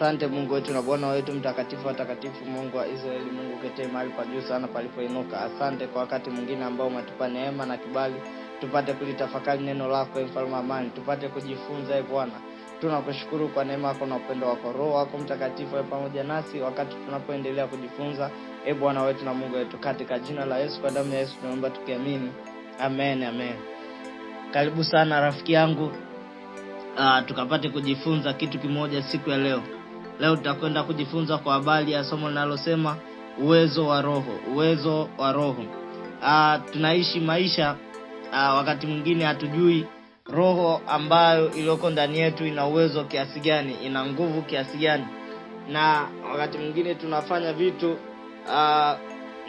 Asante Mungu wetu na Bwana wetu mtakatifu wa takatifu, Mungu wa Israeli, Mungu ketee mahali pa juu sana palipoinuka. Asante kwa wakati mwingine ambao umetupa neema na kibali tupate kulitafakari neno lako, e mfalme amani, tupate kujifunza. E Bwana, tunakushukuru kwa neema yako na upendo wako. Roho wako Mtakatifu awe pamoja nasi wakati tunapoendelea kujifunza, e Bwana wetu na Mungu wetu, katika jina la Yesu, kwa damu ya Yesu tunaomba tukiamini, amen, amen. Karibu sana rafiki yangu, uh, tukapate kujifunza kitu kimoja siku ya leo. Leo tutakwenda kujifunza kwa habari ya somo linalosema uwezo wa roho, uwezo wa roho. Aa, ah, tunaishi maisha aa, ah, wakati mwingine hatujui roho ambayo iliyoko ndani yetu ina uwezo kiasi gani, ina nguvu kiasi gani, na wakati mwingine tunafanya vitu aa, ah,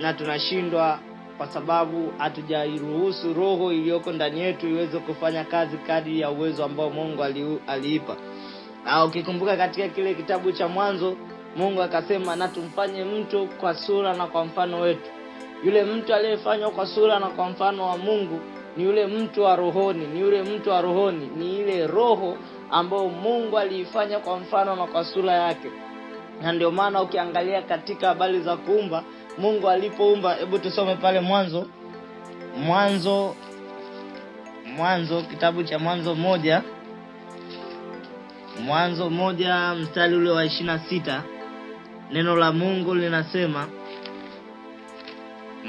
na tunashindwa kwa sababu hatujairuhusu roho iliyoko ndani yetu iweze kufanya kazi kadri ya uwezo ambao Mungu aliipa. Na ukikumbuka katika kile kitabu cha Mwanzo, Mungu akasema na tumfanye mtu kwa sura na kwa mfano wetu. Yule mtu aliyefanywa kwa sura na kwa mfano wa Mungu ni yule mtu wa rohoni, ni yule mtu wa rohoni, ni ile roho ambayo Mungu aliifanya kwa mfano na kwa sura yake. Na ndio maana ukiangalia katika habari za kuumba, Mungu alipoumba, hebu tusome pale Mwanzo, Mwanzo, Mwanzo, kitabu cha Mwanzo moja Mwanzo moja mstari ule wa ishirini na sita neno la Mungu linasema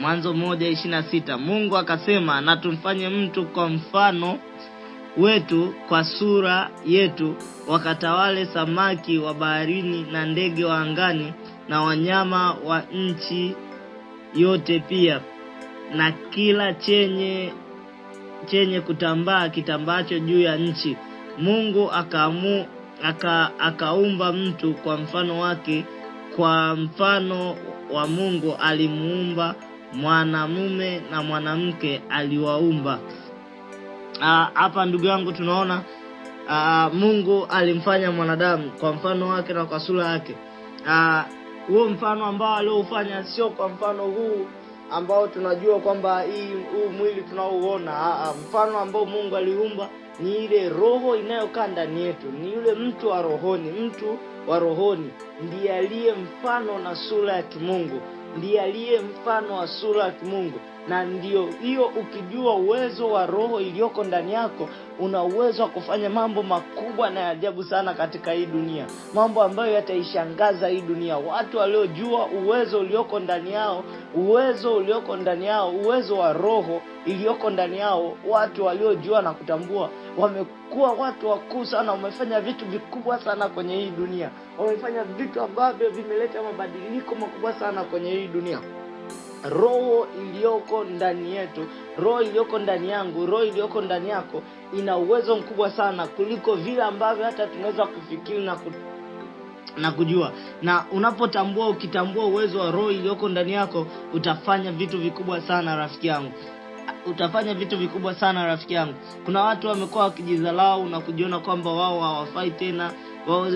Mwanzo moja ishirini na sita Mungu akasema, na tumfanye mtu kwa mfano wetu, kwa sura yetu, wakatawale samaki wa baharini na ndege wa angani na wanyama wa nchi yote, pia na kila chenye chenye kutambaa kitambacho juu ya nchi. Mungu akamu, aka, akaumba mtu kwa mfano wake, kwa mfano wa Mungu alimuumba, mwanamume na mwanamke aliwaumba. Ah, hapa ndugu yangu, tunaona aa, ah, Mungu alimfanya mwanadamu kwa mfano wake na kwa sura yake. Ah, huo mfano ambao alioufanya sio kwa mfano huu ambao tunajua kwamba hii huu mwili tunaouona, ah, ah, mfano ambao Mungu aliumba ni ile roho inayokaa ndani yetu, ni yule mtu wa rohoni. Mtu wa rohoni ndiye aliye mfano na sura ya kimungu, ndiye aliye mfano wa sura ya kimungu na ndiyo hiyo. Ukijua uwezo wa roho iliyoko ndani yako, una uwezo wa kufanya mambo makubwa na ajabu sana katika hii dunia, mambo ambayo yataishangaza hii dunia. Watu waliojua uwezo ulioko ndani yao uwezo ulioko ndani yao, uwezo wa roho iliyoko ndani yao. Watu waliojua na kutambua, wamekuwa watu wakuu sana, wamefanya vitu vikubwa sana kwenye hii dunia, wamefanya vitu ambavyo vimeleta mabadiliko makubwa sana kwenye hii dunia. Roho iliyoko ndani yetu, roho iliyoko ndani yangu, roho iliyoko ndani yako ina uwezo mkubwa sana kuliko vile ambavyo hata tunaweza kufikiri na na kujua na unapotambua, ukitambua uwezo wa roho iliyoko ndani yako, utafanya vitu vikubwa sana rafiki yangu, utafanya vitu vikubwa sana rafiki yangu. Kuna watu wamekuwa wakijizalau na kujiona kwamba wao hawafai tena wao,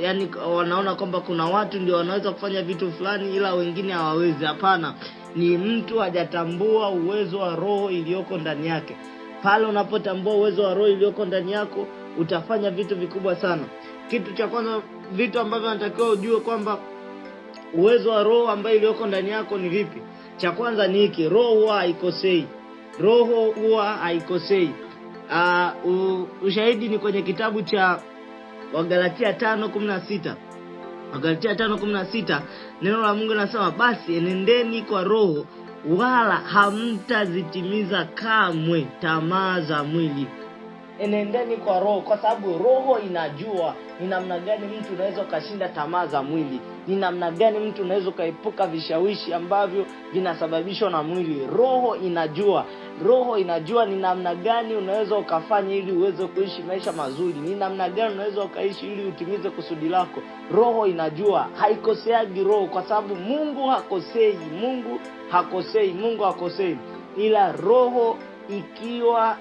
yani wanaona kwamba kuna watu ndio wanaweza kufanya vitu fulani, ila wengine hawawezi. Hapana, ni mtu hajatambua uwezo wa roho iliyoko ndani yake. Pale unapotambua uwezo wa roho iliyoko ndani yako, utafanya vitu vikubwa sana. Kitu cha kwanza vitu ambavyo natakiwa ujue kwamba uwezo wa roho ambayo iliyoko ndani yako ni vipi. Cha kwanza ni hiki, roho huwa haikosei. Roho huwa haikosei. Uh, ushahidi ni kwenye kitabu cha Wagalatia 5:16. Wagalatia 5:16 neno la Mungu linasema basi enendeni kwa roho wala hamtazitimiza kamwe tamaa za mwili enendeni kwa Roho, kwa sababu Roho inajua ni namna gani mtu unaweza ukashinda tamaa za mwili, ni namna gani mtu unaweza ukaepuka vishawishi ambavyo vinasababishwa na mwili. Roho inajua, Roho inajua ni namna gani unaweza ukafanya ili uweze kuishi maisha mazuri, ni namna gani unaweza ukaishi ili utimize kusudi lako. Roho inajua, haikoseagi Roho kwa sababu Mungu hakosei, Mungu hakosei, Mungu hakosei, ila Roho ikiwa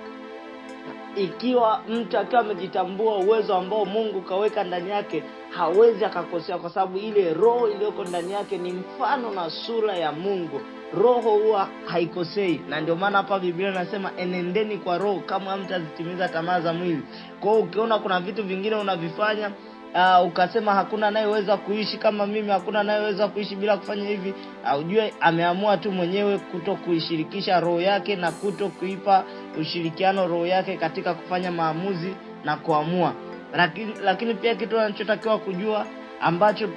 ikiwa mtu akiwa amejitambua uwezo ambao Mungu kaweka ndani yake, hawezi akakosea, kwa sababu ile roho iliyoko ndani yake ni mfano na sura ya Mungu. Roho huwa haikosei, na ndio maana hapa Biblia inasema enendeni kwa roho kama azitimiza tamaa za mwili. Kwa hiyo ukiona kuna vitu vingine unavifanya uh, ukasema hakuna anayeweza kuishi kama mimi, hakuna anayeweza kuishi bila kufanya hivi, uh, ameamua tu mwenyewe kuto kuishirikisha roho yake na kuto kuipa ushirikiano roho yake katika kufanya maamuzi na kuamua. Lakini, lakini pia kitu anachotakiwa kujua ambacho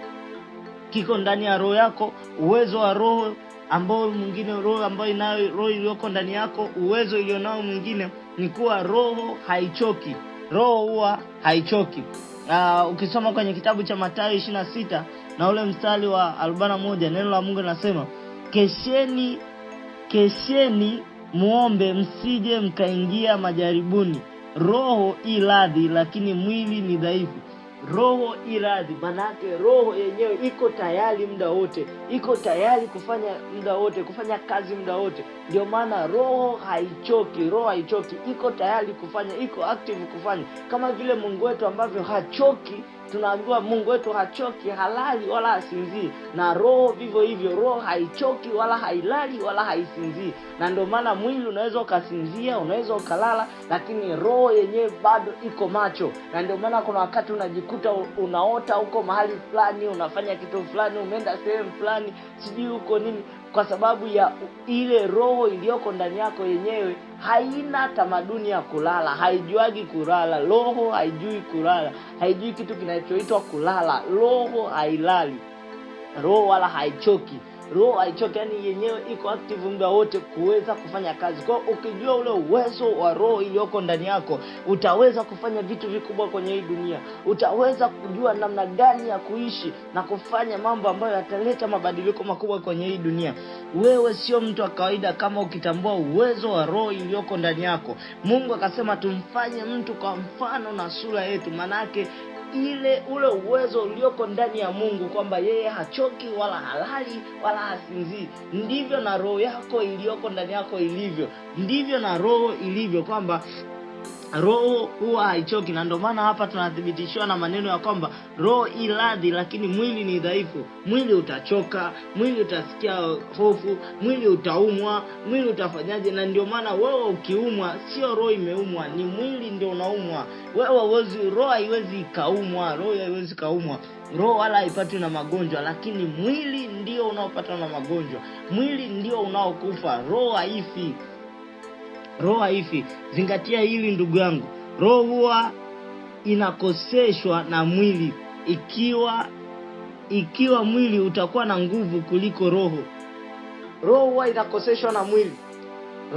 kiko ndani ya roho yako, uwezo wa roho ambao mwingine roho ambayo inayo roho iliyoko ndani yako, uwezo ilionao mwingine ni kuwa roho haichoki, roho huwa haichoki uh, ukisoma kwenye kitabu cha Mathayo ishirini na sita na ule mstari wa arobaini moja neno la Mungu linasema kesheni, kesheni muombe, msije mkaingia majaribuni. Roho i radhi, lakini mwili ni dhaifu roho iradhi, manake roho yenyewe iko tayari muda wote, iko tayari kufanya muda wote, kufanya kazi muda wote. Ndio maana roho haichoki, roho haichoki, iko tayari kufanya, iko active kufanya, kama vile Mungu wetu ambavyo hachoki tunajua Mungu wetu hachoki, halali wala hasinzii, na roho vivyo hivyo. Roho haichoki wala hailali wala haisinzii, na ndio maana mwili unaweza ukasinzia, unaweza ukalala, lakini roho yenyewe bado iko macho. Na ndio maana kuna wakati unajikuta unaota huko mahali fulani, unafanya kitu fulani, umeenda sehemu fulani, sijui huko nini kwa sababu ya ile roho iliyoko ndani yako yenyewe haina tamaduni ya kulala, haijuagi kulala. Roho haijui kulala, haijui kitu kinachoitwa kulala. Roho hailali, roho wala haichoki roho yani yenyewe iko active muda wote kuweza kufanya kazi kwao. Ukijua ule uwezo wa roho iliyoko ndani yako, utaweza kufanya vitu vikubwa kwenye hii dunia. Utaweza kujua namna gani ya kuishi na kufanya mambo ambayo yataleta mabadiliko makubwa kwenye hii dunia. Wewe sio mtu wa kawaida kama ukitambua uwezo wa roho iliyoko ndani yako. Mungu akasema tumfanye mtu kwa mfano na sura yetu, manake ile ule uwezo ulioko ndani ya Mungu kwamba yeye hachoki wala halali wala hasinzii. Ndivyo na roho yako iliyoko ndani yako ilivyo, ndivyo na roho ilivyo kwamba roho huwa haichoki, na ndio maana hapa tunathibitishiwa na maneno ya kwamba roho iradhi, lakini mwili ni dhaifu. Mwili utachoka, mwili utasikia hofu, mwili utaumwa, mwili utafanyaje? Na ndio maana wewe ukiumwa, sio roho imeumwa, ni mwili ndio unaumwa wewe. roho haiwezi ikaumwa, roho haiwezi kaumwa, roho wala haipatwi na magonjwa, lakini mwili ndio unaopatwa na magonjwa, mwili ndio unaokufa, roho haifi. Roho haifi. Zingatia hili ndugu yangu, roho huwa inakoseshwa na mwili ikiwa ikiwa mwili utakuwa na nguvu kuliko roho. Roho huwa inakoseshwa na mwili,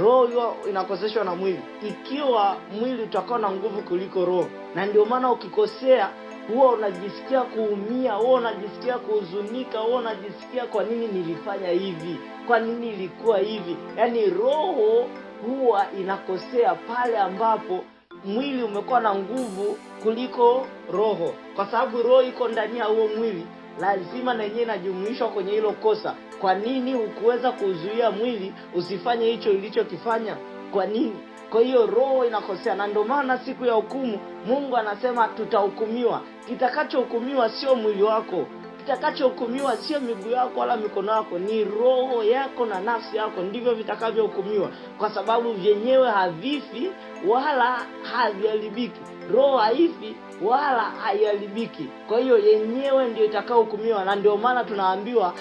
roho huwa inakoseshwa na mwili ikiwa mwili utakuwa na nguvu kuliko roho. Na ndio maana ukikosea huwa unajisikia kuumia, huwa unajisikia kuhuzunika, huwa unajisikia kwa nini nilifanya hivi, kwa nini ilikuwa hivi. Yaani roho huwa inakosea pale ambapo mwili umekuwa na nguvu kuliko roho, kwa sababu roho iko ndani ya huo mwili, lazima na yenyewe inajumuishwa kwenye hilo kosa. Kwa nini hukuweza kuzuia mwili usifanye hicho ilichokifanya? Kwa nini? Kwa hiyo roho inakosea, na ndio maana siku ya hukumu Mungu anasema tutahukumiwa. Kitakachohukumiwa sio mwili wako kitakachohukumiwa sio miguu yako wala mikono yako, ni roho yako na nafsi yako ndivyo vitakavyohukumiwa, kwa sababu vyenyewe havifi wala haviharibiki. Roho haifi wala haiharibiki, kwa hiyo yenyewe ndio itakaohukumiwa. Na ndio maana tunaambiwa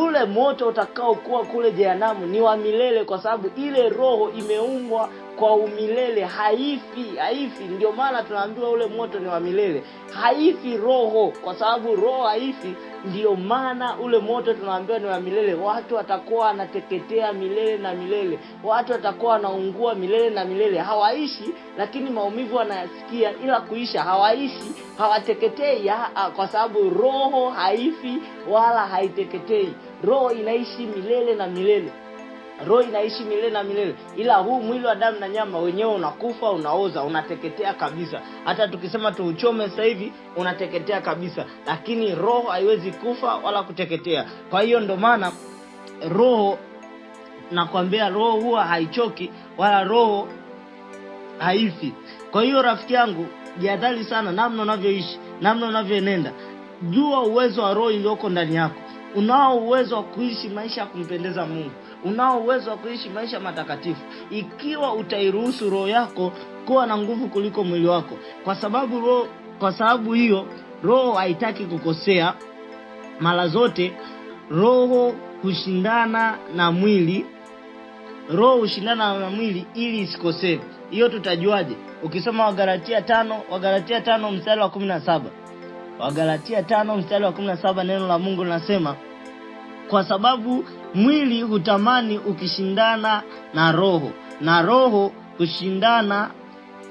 ule moto utakaokuwa kule jehanamu ni wa milele, kwa sababu ile roho imeumbwa kwa umilele, haifi haifi. Ndio maana tunaambiwa ule moto ni wa milele, haifi roho, kwa sababu roho haifi. ndio maana ule moto tunaambiwa ni wa milele. Watu watakuwa wanateketea milele na milele, watu watakuwa wanaungua milele na milele. Hawaishi, lakini maumivu wanayasikia, ila kuisha hawaishi, hawateketei, kwa sababu roho haifi wala haiteketei. Roho inaishi milele na milele roho inaishi milele na milele, ila huu mwili wa damu na nyama wenyewe unakufa, unaoza, unateketea kabisa. Hata tukisema tuuchome sasa hivi unateketea kabisa, lakini roho haiwezi kufa wala kuteketea. Kwa hiyo ndo maana roho, nakwambia, roho huwa haichoki wala roho haifi. Kwa hiyo rafiki yangu, jihadhari sana namna unavyoishi, namna unavyoenenda. Jua uwezo wa roho iliyoko ndani yako. Unao uwezo wa kuishi maisha ya kumpendeza Mungu unao uwezo wa kuishi maisha matakatifu ikiwa utairuhusu roho yako kuwa na nguvu kuliko mwili wako, kwa sababu roho, kwa sababu hiyo roho haitaki kukosea. Mara zote roho hushindana na mwili, roho hushindana na mwili ili isikosee. Hiyo tutajuaje? Ukisoma Wagalatia tano, Wagalatia tano mstari wa kumi na saba Wagalatia tano mstari wa kumi na saba neno la Mungu linasema kwa sababu mwili hutamani ukishindana na roho, na roho kushindana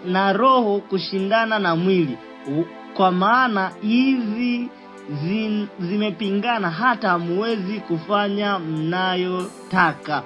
na roho kushindana na mwili, kwa maana hizi zimepingana hata muwezi kufanya mnayotaka.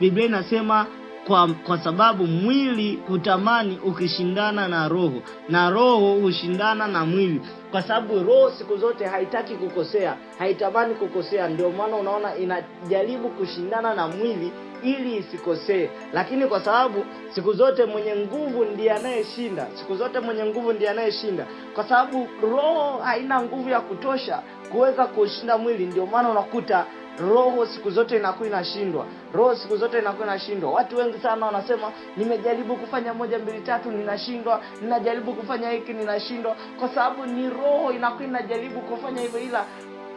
Biblia inasema kwa, kwa sababu mwili hutamani ukishindana na roho, na roho hushindana na mwili kwa sababu roho siku zote haitaki kukosea, haitamani kukosea. Ndio maana unaona inajaribu kushindana na mwili ili isikosee, lakini kwa sababu siku zote mwenye nguvu ndiye anayeshinda, siku zote mwenye nguvu ndiye anayeshinda, kwa sababu roho haina nguvu ya kutosha kuweza kushinda mwili. Ndio maana unakuta Roho siku zote inakuwa inashindwa, roho siku zote inakuwa inashindwa. Watu wengi sana wanasema nimejaribu kufanya moja mbili tatu, ninashindwa, ninajaribu kufanya hiki, ninashindwa, kwa sababu ni roho inakuwa inajaribu kufanya hivyo, ila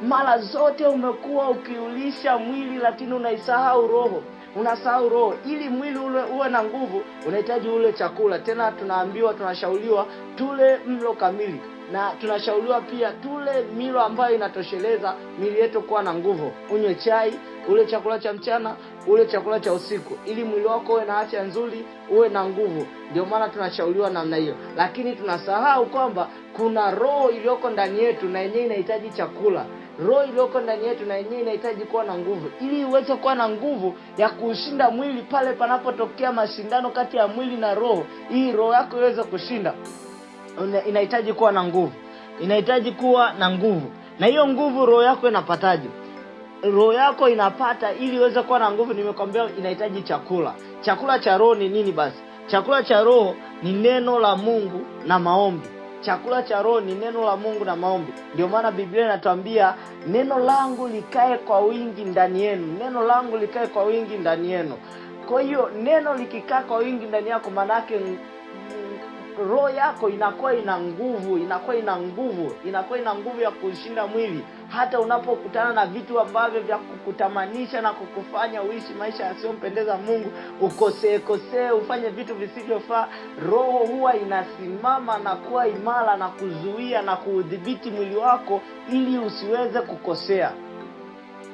mara zote umekuwa ukiulisha mwili, lakini unaisahau roho unasahau roho. Ili mwili ule uwe na nguvu, unahitaji ule chakula. Tena tunaambiwa, tunashauriwa tule mlo kamili na tunashauriwa pia tule milo ambayo inatosheleza mili yetu kuwa na nguvu. Unywe chai, ule chakula cha mchana, ule chakula cha usiku, ili mwili wako uwe na afya nzuri, uwe na nguvu. Ndio maana tunashauriwa namna hiyo, lakini tunasahau kwamba kuna roho iliyoko ndani yetu na yenyewe inahitaji chakula roho iliyoko ndani yetu na yenyewe inahitaji kuwa na nguvu, ili iweze kuwa na nguvu ya kushinda mwili pale panapotokea mashindano kati ya mwili na roho, hii roho yako iweze kushinda inahitaji kuwa na nguvu, inahitaji kuwa na nguvu. Na hiyo nguvu roho yako inapataje? Roho yako inapata ili iweze kuwa na nguvu, nimekwambia inahitaji chakula. Chakula cha roho ni nini? Basi chakula cha roho ni neno la Mungu na maombi. Chakula cha roho ni neno la Mungu na maombi. Ndio maana Biblia inatuambia neno langu likae kwa wingi ndani yenu, neno langu likae kwa wingi ndani yenu. Kwa hiyo neno likikaa kwa wingi ndani yako, maanake roho yako inakuwa ina nguvu, inakuwa ina nguvu, inakuwa ina nguvu ya kushinda mwili, hata unapokutana na vitu ambavyo vya kukutamanisha na kukufanya uishi maisha yasiyompendeza Mungu, ukosee kosee, ufanye vitu visivyofaa, roho huwa inasimama na kuwa imara na kuzuia na kuudhibiti mwili wako ili usiweze kukosea.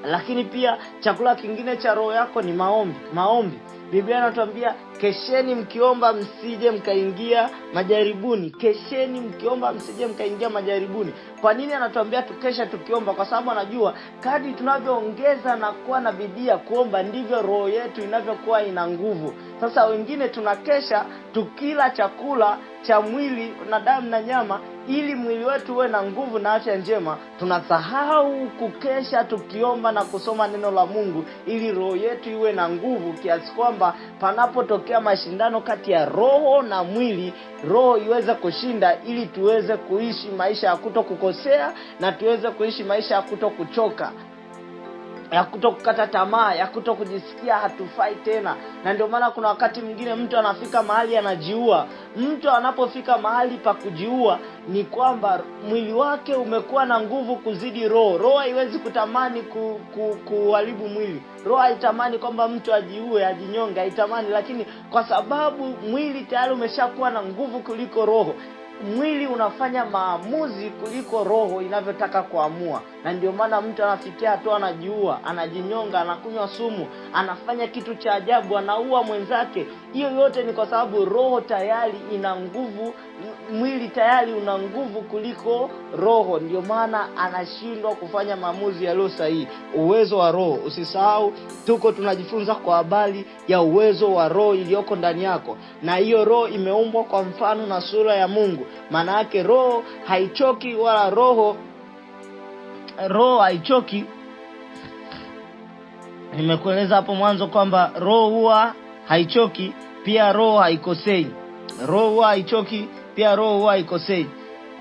Lakini pia chakula kingine cha roho yako ni maombi, maombi Biblia inatuambia kesheni mkiomba msije mkaingia majaribuni, kesheni mkiomba msije mkaingia majaribuni. Kwa nini anatuambia tukesha tukiomba? Kwa sababu anajua kadi tunavyoongeza na kuwa na bidii ya kuomba ndivyo roho yetu inavyokuwa ina nguvu. Sasa wengine tunakesha tukila chakula cha mwili na damu na nyama ili mwili wetu uwe na nguvu na afya njema, tunasahau kukesha tukiomba na kusoma neno la Mungu ili roho yetu iwe na nguvu kiasi kwamba kwamba panapotokea mashindano kati ya roho na mwili, roho iweze kushinda, ili tuweze kuishi maisha ya kuto kukosea na tuweze kuishi maisha ya kuto kuchoka ya kuto kukata tamaa, ya kuto kujisikia hatufai tena. Na ndio maana kuna wakati mwingine mtu anafika mahali anajiua. Mtu anapofika mahali pa kujiua, ni kwamba mwili wake umekuwa na nguvu kuzidi roho. Roho haiwezi kutamani ku, ku, kuharibu mwili, Roho haitamani kwamba mtu ajiue, ajinyonge, haitamani, lakini kwa sababu mwili tayari umeshakuwa na nguvu kuliko roho mwili unafanya maamuzi kuliko roho inavyotaka kuamua, na ndio maana mtu anafikia hatua anajiua, anajinyonga, anakunywa sumu, anafanya kitu cha ajabu, anaua mwenzake. Hiyo yote ni kwa sababu roho tayari ina nguvu, mwili tayari una nguvu kuliko roho, ndio maana anashindwa kufanya maamuzi yaliyo sahihi. Uwezo wa roho, usisahau, tuko tunajifunza kwa habari ya uwezo wa roho iliyoko ndani yako, na hiyo roho imeumbwa kwa mfano na sura ya Mungu maana yake roho haichoki wala roho roho haichoki. Nimekueleza hapo mwanzo kwamba roho huwa haichoki, pia roho haikosei. Roho huwa haichoki, pia roho huwa haikosei.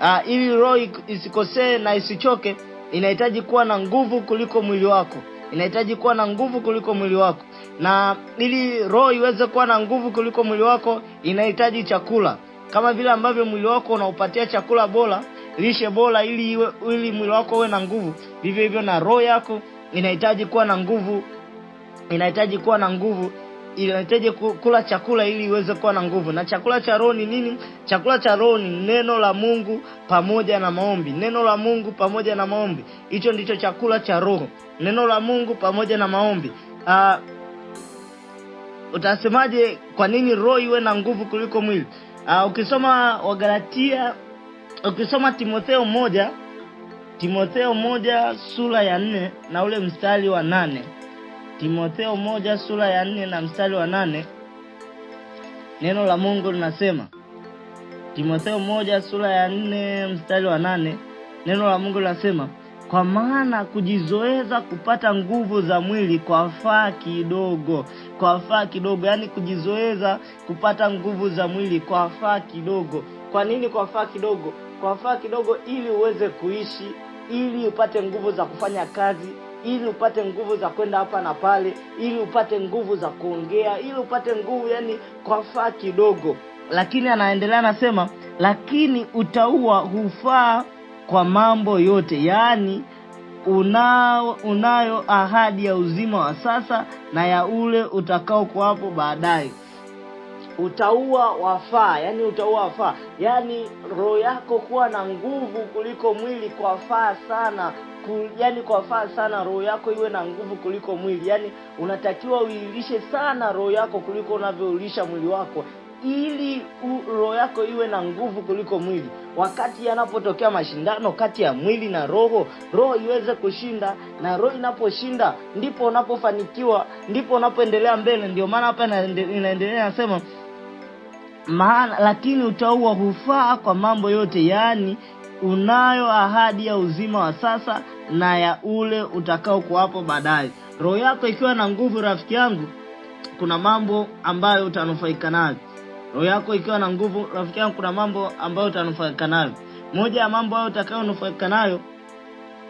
Ah, ili roho isikosee na isichoke, inahitaji kuwa na nguvu kuliko mwili wako, inahitaji kuwa na nguvu kuliko mwili wako, na ili roho iweze kuwa na nguvu kuliko mwili wako, inahitaji chakula kama vile ambavyo mwili wako unaupatia chakula bora, lishe bora, ili iwe, ili mwili wako uwe na nguvu, vivyo hivyo na roho yako inahitaji kuwa na nguvu, inahitaji kuwa na nguvu inahitaji kula chakula ili iweze kuwa na nguvu. Na chakula cha roho ni nini? Chakula cha roho ni neno la Mungu pamoja na maombi. Neno la Mungu pamoja na maombi, hicho ndicho chakula cha roho, neno la Mungu pamoja na maombi. Uh, utasemaje? Kwa nini roho iwe na nguvu kuliko mwili? Uh, ukisoma Wagalatia, ukisoma Timotheo moja Timotheo moja sura ya nne na ule mstari wa nane Timotheo moja sura ya nne na mstari wa nane neno la Mungu linasema Timotheo moja sura ya nne mstari wa nane neno la Mungu linasema kwa maana kujizoeza kupata nguvu za mwili kwa faa kidogo, kwafaa kidogo, yaani kujizoeza kupata nguvu za mwili kwafaa kidogo. Kwa nini kwafaa kidogo? Kwafaa kidogo ili uweze kuishi, ili upate nguvu za kufanya kazi, ili upate nguvu za kwenda hapa na pale, ili upate nguvu za kuongea, ili upate nguvu, yani kwafaa kidogo. Lakini anaendelea anasema, lakini utaua hufaa kwa mambo yote, yaani unao, unayo ahadi ya uzima wa sasa na ya ule utakaokuwapo baadaye. Utaua wafaa, yani utaua wafaa, yani roho yako kuwa na nguvu kuliko mwili kwa faa sana ku, yani kwa faa sana roho yako iwe na nguvu kuliko mwili. Yani unatakiwa uilishe sana roho yako kuliko unavyoulisha mwili wako, ili roho yako iwe na nguvu kuliko mwili. Wakati yanapotokea mashindano kati ya mwili na roho, roho iweze kushinda, na roho inaposhinda ndipo unapofanikiwa, ndipo unapoendelea mbele. Ndio maana hapa inaendelea nasema maana, lakini utaua hufaa kwa mambo yote, yaani unayo ahadi ya uzima wa sasa na ya ule utakao kuwapo baadaye. Roho yako ikiwa na nguvu, rafiki yangu, kuna mambo ambayo utanufaika nayo roho yako ikiwa na nguvu. Rafiki yangu, kuna mambo ambayo utanufaika nayo. Moja ya mambo hayo utakayonufaika nayo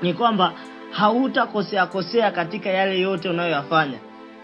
ni kwamba hautakosea kosea katika yale yote unayoyafanya.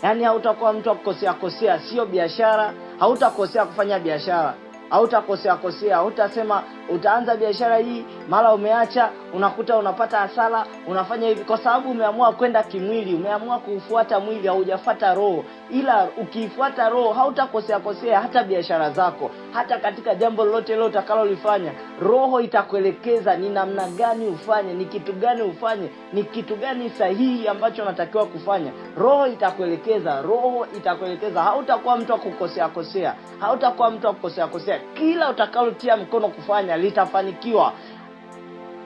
Yaani hautakuwa mtu wa kukosea kosea, sio biashara, hautakosea kufanya biashara hautakosea kosea, hutasema utaanza biashara hii mara umeacha, unakuta unapata hasara, unafanya hivi, kwa sababu umeamua kwenda kimwili, umeamua kuufuata mwili, haujafata roho. Ila ukiifuata roho, hautakosea kosea hata biashara zako, hata katika jambo lolote lile utakalolifanya, roho itakuelekeza ni namna gani ufanye, ni kitu gani ufanye, ni kitu gani sahihi ambacho unatakiwa kufanya. Roho itakuelekeza, roho itakuelekeza, hautakuwa mtu wa kukosea kosea, hautakuwa mtu wa kukosea kosea kila utakalotia mkono kufanya litafanikiwa.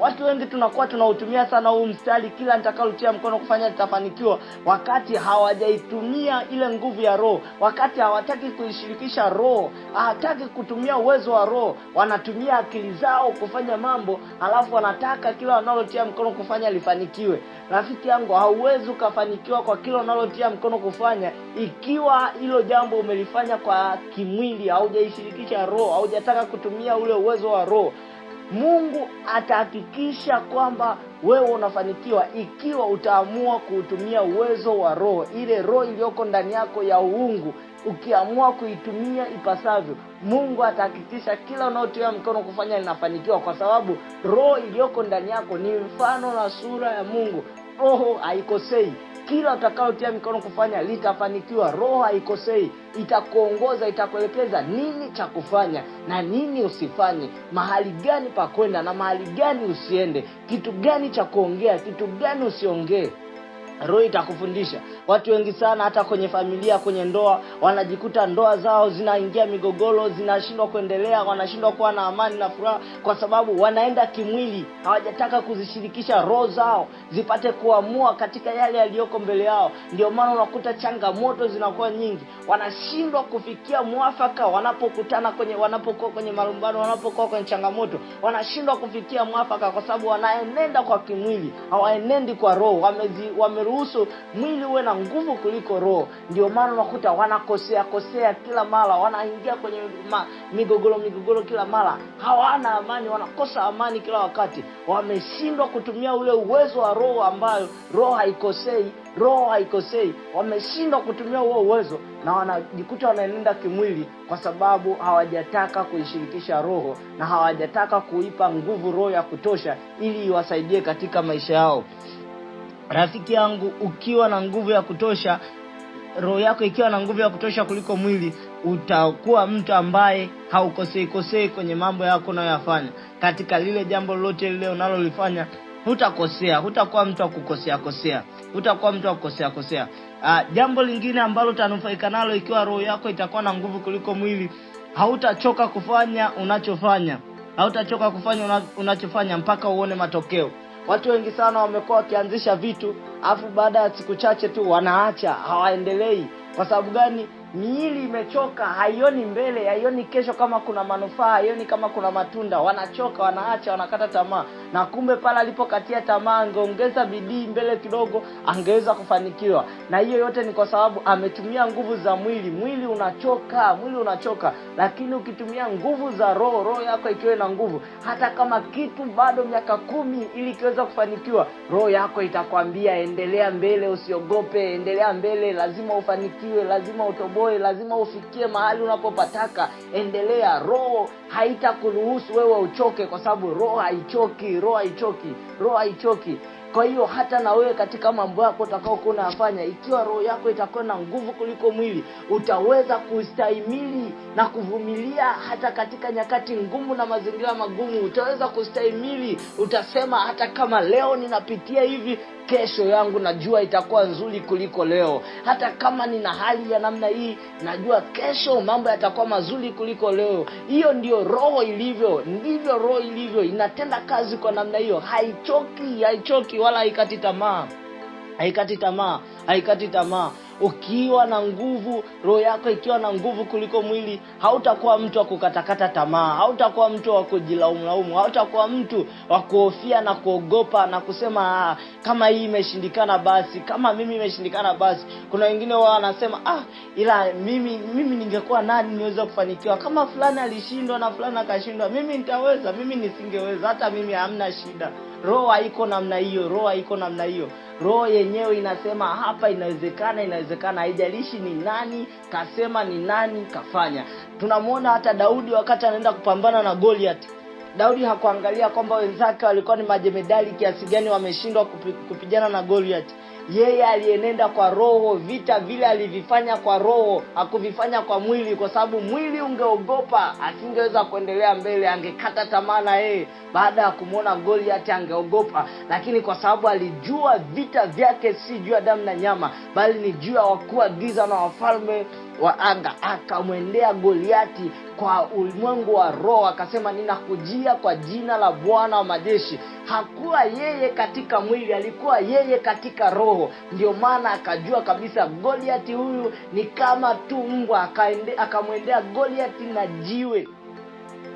Watu wengi tunakuwa tunautumia sana huu mstari, kila nitakalotia mkono kufanya litafanikiwa, wakati hawajaitumia ile nguvu ya Roho, wakati hawataki kuishirikisha Roho, hawataki kutumia uwezo wa Roho, wanatumia akili zao kufanya mambo, alafu wanataka kila wanalotia mkono kufanya lifanikiwe. Rafiki yangu, hauwezi ukafanikiwa kwa kila unalotia mkono kufanya, ikiwa hilo jambo umelifanya kwa kimwili, haujaishirikisha Roho, haujataka kutumia ule uwezo wa Roho. Mungu atahakikisha kwamba wewe unafanikiwa ikiwa utaamua kuutumia uwezo wa roho, ile roho iliyoko ndani yako ya uungu. Ukiamua kuitumia ipasavyo, Mungu atahakikisha kila unaotia mkono kufanya linafanikiwa, kwa sababu roho iliyoko ndani yako ni mfano na sura ya Mungu. Roho haikosei, kila utakaotia mikono kufanya litafanikiwa. Roho haikosei, itakuongoza itakuelekeza nini cha kufanya na nini usifanye, mahali gani pa kwenda na mahali gani usiende, kitu gani cha kuongea, kitu gani usiongee roho itakufundisha. Watu wengi sana hata kwenye familia, kwenye ndoa, wanajikuta ndoa zao zinaingia migogoro, zinashindwa kuendelea, wanashindwa kuwa na amani na furaha, kwa sababu wanaenda kimwili, hawajataka kuzishirikisha roho zao zipate kuamua katika yale yaliyoko mbele yao. Ndio maana unakuta changamoto zinakuwa nyingi, wanashindwa kufikia mwafaka wanapokutana kwenye, wanapokuwa kwenye marumbano wanapokuwa kwenye changamoto, wanashindwa kufikia mwafaka kwa sababu wanaenenda kwa kimwili, hawaenendi kwa roho, wamezi wame kuruhusu mwili uwe na nguvu kuliko roho. Ndio maana unakuta wanakosea kosea kila mara, wanaingia kwenye ma, migogoro migogoro kila mara, hawana amani, wanakosa amani kila wakati, wameshindwa kutumia ule uwezo wa roho, ambayo roho haikosei roho haikosei. Wameshindwa kutumia huo uwezo na wanajikuta wanaenenda kimwili, kwa sababu hawajataka kuishirikisha roho na hawajataka kuipa nguvu roho ya kutosha, ili iwasaidie katika maisha yao. Rafiki yangu, ukiwa na nguvu ya kutosha, roho yako ikiwa na nguvu ya kutosha kuliko mwili, utakuwa mtu ambaye haukosei kosei kwenye mambo yako unayoyafanya. Katika lile jambo lolote lile unalolifanya hutakosea, hutakuwa mtu akukosea kosea, hutakuwa mtu akukosea kosea. Uh, jambo lingine ambalo utanufaika nalo ikiwa roho yako itakuwa na nguvu kuliko mwili, hautachoka kufanya unachofanya, hautachoka kufanya unachofanya mpaka uone matokeo. Watu wengi sana wamekuwa wakianzisha vitu afu baada ya siku chache tu wanaacha, hawaendelei. Kwa sababu gani? Miili imechoka, haioni mbele, haioni kesho kama kuna manufaa, haioni kama kuna matunda. Wanachoka, wanaacha, wanakata tamaa na kumbe pale alipokatia tamaa, angeongeza bidii mbele kidogo, angeweza kufanikiwa. Na hiyo yote ni kwa sababu ametumia nguvu za mwili. Mwili unachoka, mwili unachoka, lakini ukitumia nguvu za roho, roho yako ikiwe na nguvu, hata kama kitu bado miaka kumi ili kiweza kufanikiwa, roho yako itakwambia endelea mbele, usiogope, endelea mbele, lazima ufanikiwe, lazima utoboe, lazima ufikie mahali unapopataka, endelea. Roho haitakuruhusu wewe uchoke, kwa sababu roho haichoki. roa y choki, roa y choki. Kwa hiyo hata na wewe katika mambo yako utakaokuwa unayafanya, ikiwa roho yako itakuwa na nguvu kuliko mwili, utaweza kustahimili na kuvumilia hata katika nyakati ngumu na mazingira magumu, utaweza kustahimili. Utasema hata kama leo ninapitia hivi, kesho yangu najua itakuwa nzuri kuliko leo. Hata kama nina hali ya namna hii, najua kesho mambo yatakuwa mazuri kuliko leo. Hiyo ndiyo roho ilivyo, ndivyo roho ilivyo, inatenda kazi kwa namna hiyo, haichoki, haichoki wala haikati tamaa, haikati tamaa, haikati tamaa. Ukiwa na nguvu, roho yako ikiwa na nguvu kuliko mwili, hautakuwa mtu wa kukatakata tamaa, hautakuwa mtu wa kujilaumlaumu, hautakuwa mtu wa kuhofia na kuogopa na kusema ah, kama hii imeshindikana basi, kama mimi imeshindikana basi. Kuna wengine wao wanasema ah, ila mimi mimi ningekuwa nani niweza kufanikiwa, kama fulani alishindwa na fulani akashindwa, mimi nitaweza, mimi nisingeweza, hata mimi hamna shida roho haiko namna hiyo, roho haiko namna hiyo. Roho yenyewe inasema hapa, inawezekana, inawezekana. Haijalishi ni nani kasema, ni nani kafanya. Tunamwona hata Daudi wakati anaenda kupambana na Goliath. Daudi hakuangalia kwamba wenzake walikuwa ni majemedali kiasi gani, wameshindwa kupijana na Goliath. Yeye alienenda kwa roho, vita vile alivifanya kwa roho, hakuvifanya kwa mwili, kwa sababu mwili ungeogopa, asingeweza kuendelea mbele, angekata tamaa na yeye. Baada ya kumwona Goliathi angeogopa, lakini kwa sababu alijua vita vyake si juu ya damu na nyama, bali ni juu ya wakuu wa giza na wafalme wa anga akamwendea Goliati kwa ulimwengu wa roho, akasema ninakujia kwa jina la Bwana wa majeshi. Hakuwa yeye katika mwili, alikuwa yeye katika roho. Ndio maana akajua kabisa Goliati huyu ni kama tu mbwa, akamwendea Goliati na jiwe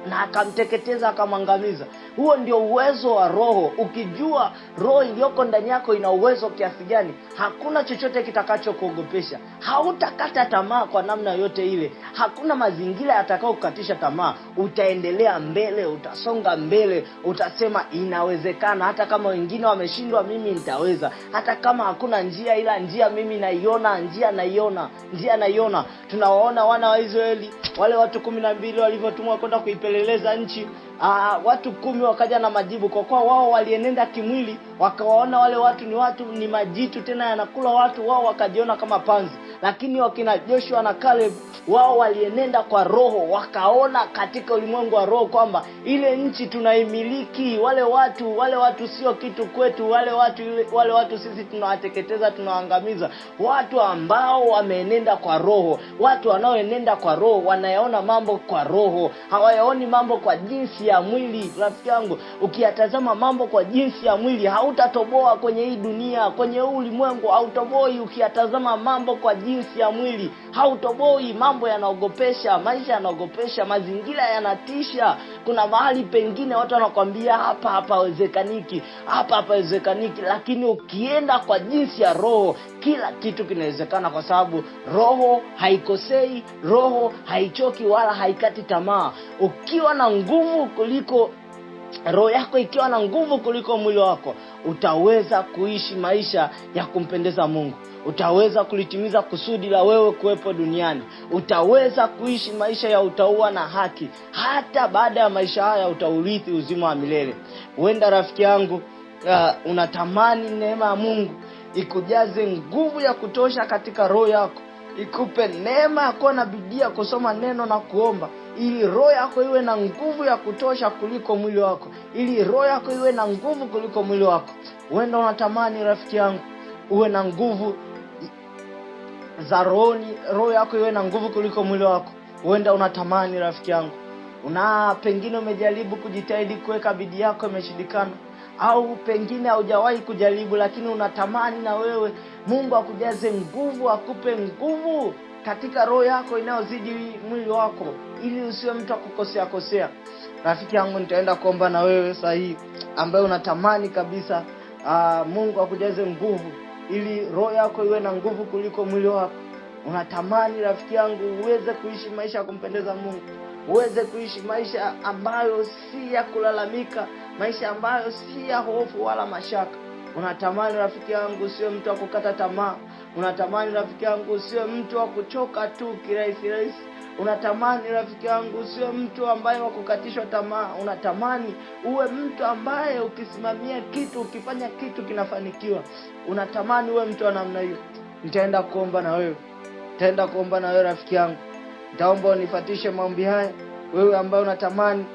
na akamteketeza akamwangamiza. Huo ndio uwezo wa Roho. Ukijua roho iliyoko ndani yako ina uwezo kiasi gani, hakuna chochote kitakachokuogopesha. Hautakata tamaa kwa namna yote ile, hakuna mazingira kukatisha tamaa. Utaendelea mbele, utasonga mbele, utasema inawezekana. Hata kama wengine wameshindwa, mimi nitaweza. Hata kama hakuna njia, ila njia mimi naiona, njia naiona, njia naiona. Tunawaona wana wa Israeli, wale watu kumi na mbili walivyotumwa kwenda kuipeleka kupeleleza nchi. Aa, ah, watu kumi wakaja na majibu, kwa kuwa wao walienenda kimwili, wakawaona wale watu ni watu ni majitu, tena yanakula watu, wao wakajiona kama panzi lakini wakina Joshua na Caleb wao walienenda kwa roho, wakaona katika ulimwengu wa roho kwamba ile nchi tunaimiliki, wale watu wale watu sio kitu kwetu, wale watu wale watu sisi tunawateketeza, tunawaangamiza. Watu ambao wameenenda kwa roho, watu wanaoenenda kwa roho wanayaona mambo kwa roho, hawayaoni mambo kwa jinsi ya mwili. Rafiki yangu, ukiyatazama mambo kwa jinsi ya mwili hautatoboa kwenye hii dunia, kwenye huu ulimwengu hautoboi. Ukiyatazama mambo kwa jinsi ya mwili, hautoboi. Mambo yanaogopesha, maisha yanaogopesha, mazingira yanatisha. Kuna mahali pengine watu wanakwambia hapa hapawezekaniki, hapa hapawezekaniki, lakini ukienda kwa jinsi ya Roho kila kitu kinawezekana, kwa sababu Roho haikosei, Roho haichoki wala haikati tamaa. Ukiwa na nguvu kuliko roho yako ikiwa na nguvu kuliko mwili wako, utaweza kuishi maisha ya kumpendeza Mungu. Utaweza kulitimiza kusudi la wewe kuwepo duniani. Utaweza kuishi maisha ya utaua na haki. Hata baada ya maisha haya utaurithi uzima wa milele. Huenda rafiki yangu, uh, unatamani neema ya Mungu ikujaze nguvu ya kutosha katika roho yako, ikupe neema ya kuwa na bidii ya kusoma neno na kuomba ili roho yako iwe na nguvu ya kutosha kuliko mwili wako, ili roho yako iwe na nguvu kuliko mwili wako. Huenda unatamani rafiki yangu uwe na nguvu za rohoni, roho yako iwe na nguvu kuliko mwili wako. Huenda unatamani rafiki yangu una pengine umejaribu kujitahidi kuweka bidii yako imeshindikana, au pengine haujawahi kujaribu, lakini unatamani na wewe Mungu akujaze nguvu, akupe nguvu katika roho yako inayozidi mwili wako ili usiwe mtu akukosea kosea. Rafiki yangu, nitaenda kuomba na wewe saa hii ambaye unatamani kabisa uh, Mungu akujaze nguvu ili roho yako iwe na nguvu kuliko mwili wako. Unatamani rafiki yangu uweze kuishi maisha ya kumpendeza Mungu, uweze kuishi maisha ambayo si ya kulalamika, maisha ambayo si ya hofu wala mashaka. Unatamani rafiki yangu usiwe mtu akukata kukata tamaa. Unatamani rafiki yangu usiwe mtu wa kuchoka tu kirahisi rahisi. Unatamani rafiki yangu usiwe mtu ambaye wa kukatishwa tamaa. Unatamani uwe mtu ambaye ukisimamia kitu, ukifanya kitu kinafanikiwa. Unatamani uwe mtu wa namna hiyo. Nitaenda kuomba na wewe, nitaenda kuomba na wewe rafiki yangu, nitaomba unifatishe maombi haya. Wewe ambaye unatamani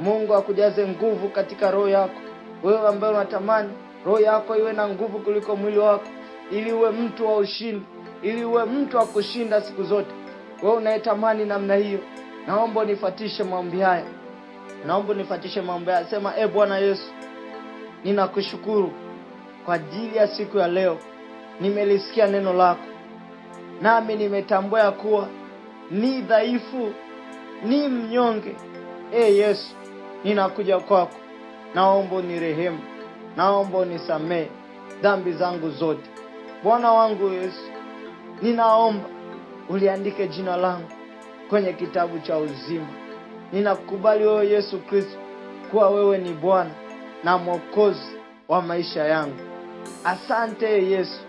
Mungu akujaze nguvu katika roho yako, wewe ambaye unatamani roho yako iwe na nguvu kuliko mwili wako ili uwe mtu wa ushindi, ili uwe mtu wa kushinda siku zote. Wewe unayetamani namna hiyo, naomba unifatishe maombi haya, naomba unifatishe maombi haya. Sema, e Bwana Yesu, ninakushukuru kwa ajili ya siku ya leo. Nimelisikia neno lako, nami nimetambua ya kuwa ni dhaifu, ni mnyonge. E Yesu, ninakuja kwako, naomba unirehemu, naomba unisamehe dhambi zangu zote Bwana wangu Yesu, ninaomba uliandike jina langu kwenye kitabu cha uzima. ninakubali wewe Yesu Kristo kuwa wewe ni Bwana na Mwokozi wa maisha yangu. Asante Yesu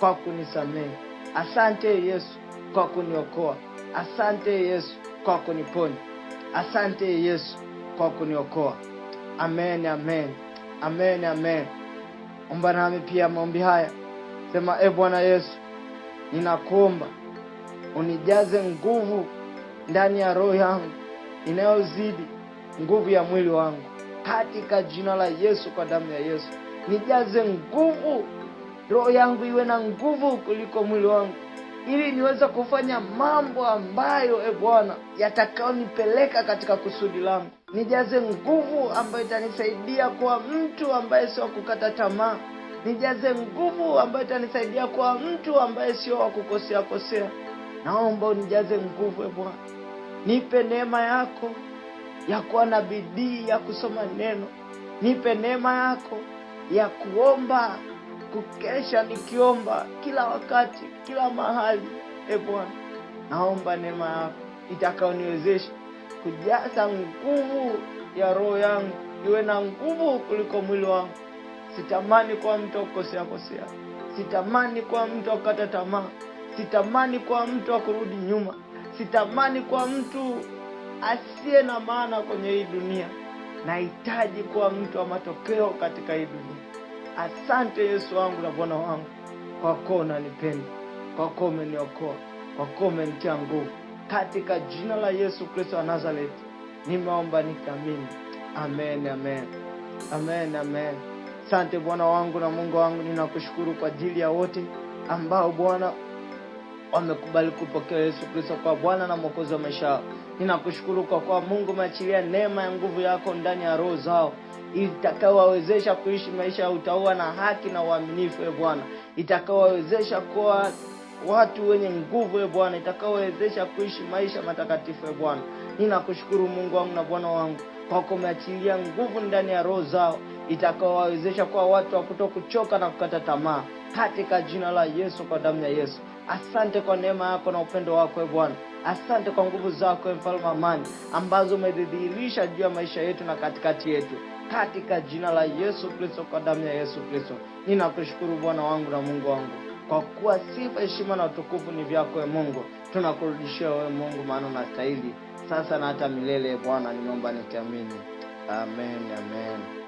kwa kunisamehe. Asante Yesu kwa kuniokoa. Asante Yesu kwa kuniponya. Asante Yesu kwa kuniokoa. Amen, amen, amen, amen. Omba nami pia maombi haya Sema, e Bwana Yesu, ninakuomba unijaze nguvu ndani ya roho yangu inayozidi nguvu ya mwili wangu, katika jina la Yesu, kwa damu ya Yesu. Nijaze nguvu, roho yangu iwe na nguvu kuliko mwili wangu, ili niweze kufanya mambo ambayo, e Bwana, yatakayonipeleka katika kusudi langu. Nijaze nguvu ambayo itanisaidia kuwa mtu ambaye sio kukata tamaa nijaze nguvu ambayo itanisaidia kuwa mtu ambaye sio wa kukosea kosea. Naomba unijaze nguvu, e Bwana, nipe neema yako ya kuwa na bidii ya kusoma neno, nipe neema yako ya kuomba, kukesha nikiomba kila wakati, kila mahali. E Bwana, naomba neema yako itakaoniwezesha kujaza nguvu ya roho yangu, iwe na nguvu kuliko mwili wangu. Sitamani kuwa mtu akukosea kosea, sitamani kuwa mtu akata tamaa, sitamani kuwa mtu akurudi kurudi nyuma, sitamani kuwa mtu asiye na maana kwenye hii dunia. Nahitaji kuwa mtu wa matokeo katika hii dunia. Asante Yesu wangu na Bwana wangu, kwa kuwa unanipenda, kwa kuwa umeniokoa, kwa kuwa umenitia nguvu. Katika jina la Yesu Kristo wa Nazareti nimeomba nikiamini, amen, amen, amen, amen. Asante Bwana wangu na Mungu wangu, ninakushukuru kwa ajili ya wote ambao Bwana wamekubali kupokea Yesu Kristo kwa Bwana na Mwokozi wa maisha yao. Ninakushukuru kwa kuwa Mungu umeachilia neema ya nguvu yako ndani ya roho zao itakayowawezesha kuishi maisha ya utauwa na haki na uaminifu, e Bwana, itakayowawezesha kuwa watu wenye nguvu, e Bwana, itakayowawezesha kuishi maisha matakatifu, e Bwana. Ninakushukuru Mungu wangu na Bwana wangu kwa kuwa umeachilia nguvu ndani ya roho zao itakawawezesha kuwa watu wa kuto kuchoka na kukata tamaa katika jina la Yesu, kwa damu ya Yesu. Asante kwa neema yako na upendo wako, e Bwana. Asante kwa nguvu zako, e mfalme amani, ambazo umedhihirisha juu ya maisha yetu na katikati yetu, katika jina la Yesu Kristo, kwa damu ya Yesu Kristo. Ninakushukuru Bwana wangu na Mungu wangu, kwa kuwa sifa, heshima na utukufu ni vyako, e Mungu. Tunakurudishia wewe Mungu, maana unastahili sasa na hata milele. E Bwana, nimeomba nikiamini, amen, amen.